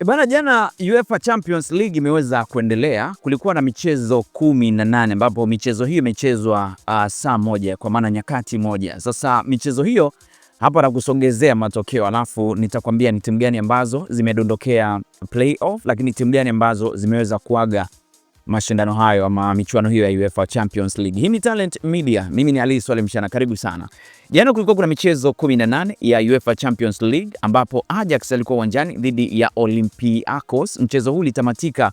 E bana, jana UEFA Champions League imeweza kuendelea. Kulikuwa na michezo kumi na nane ambapo michezo hiyo imechezwa uh, saa moja kwa maana nyakati moja. Sasa michezo hiyo hapa nakusogezea matokeo alafu nitakwambia ni timu gani ambazo zimedondokea playoff, lakini timu gani ambazo zimeweza kuaga mashindano hayo ama michuano hiyo ya UEFA Champions League. Hii ni Talent Media. Mimi ni Ali Swale Mshana, karibu sana. Jana kulikuwa kuna michezo 18 ya UEFA Champions League ambapo Ajax alikuwa uwanjani dhidi ya Olympiacos. Mchezo huu ulitamatika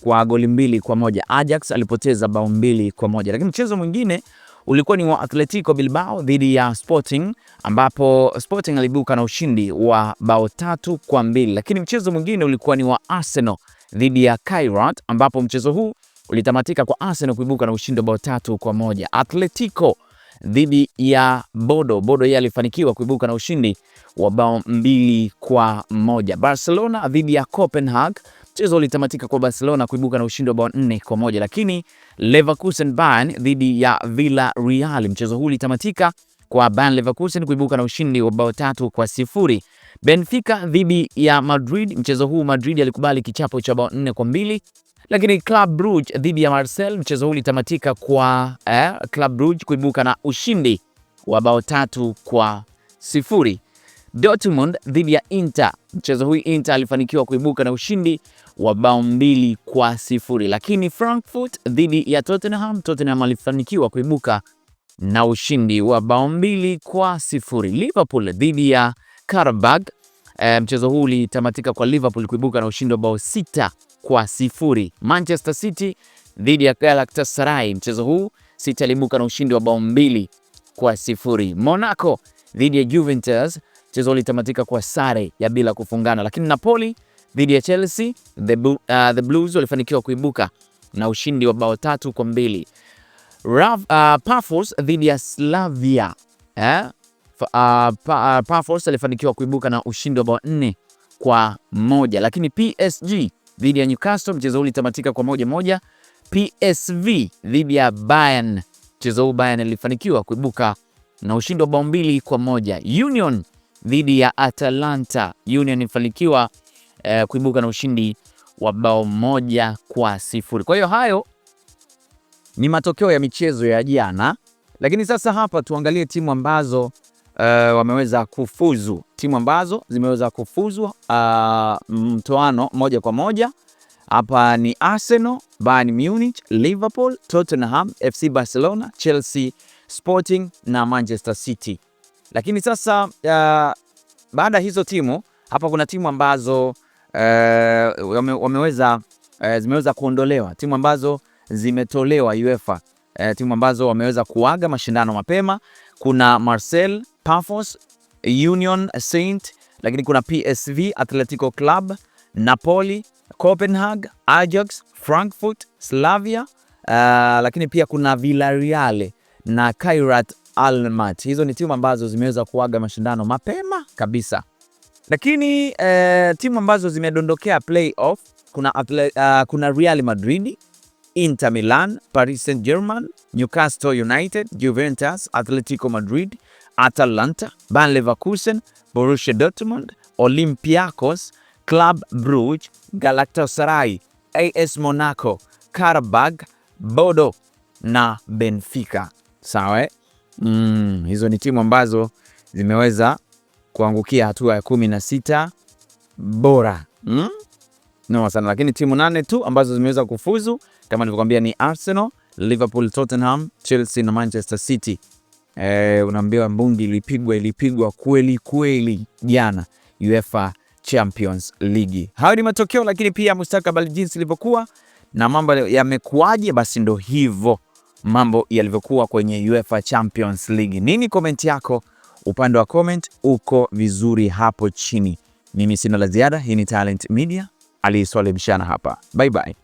kwa goli mbili kwa moja. Ajax alipoteza bao mbili kwa moja. Lakini mchezo mwingine ulikuwa ni wa Atletico Bilbao dhidi ya Sporting ambapo Sporting alibuka na ushindi wa bao tatu kwa mbili. Lakini mchezo mwingine ulikuwa ni wa Arsenal dhidi ya Kairat ambapo mchezo huu ulitamatika kwa Arsenal kuibuka na ushindi wa bao tatu kwa moja. Atletico dhidi ya Bodo. Bodo yeye alifanikiwa kuibuka na ushindi wa bao mbili kwa moja. Barcelona dhidi ya Copenhagen, mchezo ulitamatika kwa Barcelona kuibuka na ushindi wa bao nne kwa moja, lakini Leverkusen Bayern dhidi ya Villa Real, mchezo huu ulitamatika kwa Bayern Leverkusen kuibuka na ushindi wa bao tatu kwa sifuri Benfica dhidi ya Madrid, mchezo huu Madrid alikubali kichapo cha bao nne kwa mbili lakini Club Brugge dhidi ya Marseille, mchezo huu ulitamatika kwa eh, Club Brugge kuibuka na ushindi wa bao tatu kwa sifuri. Dortmund dhidi ya Inter, mchezo huu Inter alifanikiwa kuibuka na ushindi wa bao mbili kwa sifuri, lakini Frankfurt dhidi ya Tottenham, Tottenham alifanikiwa kuibuka na ushindi wa bao mbili kwa sifuri. Liverpool dhidi ya Karabag. E, eh, mchezo huu ulitamatika kwa Liverpool kuibuka na ushindi wa bao sita kwa sifuri. Manchester City dhidi ya Galatasaray, mchezo huu City aliibuka na ushindi wa bao mbili kwa sifuri. Monaco dhidi ya Juventus, mchezo ulitamatika kwa sare ya bila kufungana, lakini Napoli dhidi ya Chelsea, the, uh, the Blues walifanikiwa kuibuka na ushindi wa bao tatu kwa mbili. Rav, uh, Pafos dhidi ya Slavia eh? uh, pa, uh, alifanikiwa kuibuka na ushindi wa bao nne kwa moja, lakini PSG dhidi ya Newcastle mchezo huu ulitamatika kwa moja moja. PSV dhidi ya Bayern, mchezo huu Bayern ilifanikiwa kuibuka na ushindi wa bao mbili kwa moja. Union dhidi ya Atalanta, Union ilifanikiwa eh, kuibuka na ushindi wa bao moja kwa sifuri. Kwa hiyo hayo ni matokeo ya michezo ya jana, lakini sasa hapa tuangalie timu ambazo uh, wameweza kufuzu, timu ambazo zimeweza kufuzu uh, mtoano moja kwa moja hapa ni Arsenal, Bayern Munich, Liverpool, Tottenham, FC Barcelona, Chelsea, Sporting na Manchester City. Lakini sasa uh, baada ya hizo timu hapa kuna timu ambazo uh, wame, wameweza uh, zimeweza kuondolewa, timu ambazo zimetolewa UEFA, uh, timu ambazo wameweza kuaga mashindano mapema. Kuna Marseille, Pafos, Union Saint, lakini kuna PSV, Atletico Club, Napoli, Copenhagen, Ajax, Frankfurt, Slavia, uh, lakini pia kuna Villarreal na Kairat Almat. Hizo ni timu ambazo zimeweza kuaga mashindano mapema kabisa, lakini uh, timu ambazo zimedondokea playoff kuna, atle, uh, kuna Real Madrid, Inter Milan, Paris Saint-Germain, Newcastle United, Juventus, Atletico Madrid Atalanta, Bayer Leverkusen, Borussia Dortmund, Olympiacos, Club Brugge, Galatasaray, AS Monaco, Karabag, Bodo na Benfica. Sawa, eh? mm, hizo ni timu ambazo zimeweza kuangukia hatua ya kumi na sita bora mm? No sana, lakini timu nane tu ambazo zimeweza kufuzu kama nilivyokuambia ni Arsenal, Liverpool, Tottenham, Chelsea na Manchester City e, unaambiwa mbungi ilipigwa ilipigwa kweli kweli jana UEFA Champions League. Hayo ni matokeo, lakini pia mustakabali jinsi ilivyokuwa na mambo yamekuwaje, basi ndo hivyo mambo yalivyokuwa kwenye UEFA Champions League. Nini comment yako upande wa comment uko vizuri hapo chini. Mimi sina la ziada. Hii ni Talent Media, Ally Mshana hapa. Bye bye.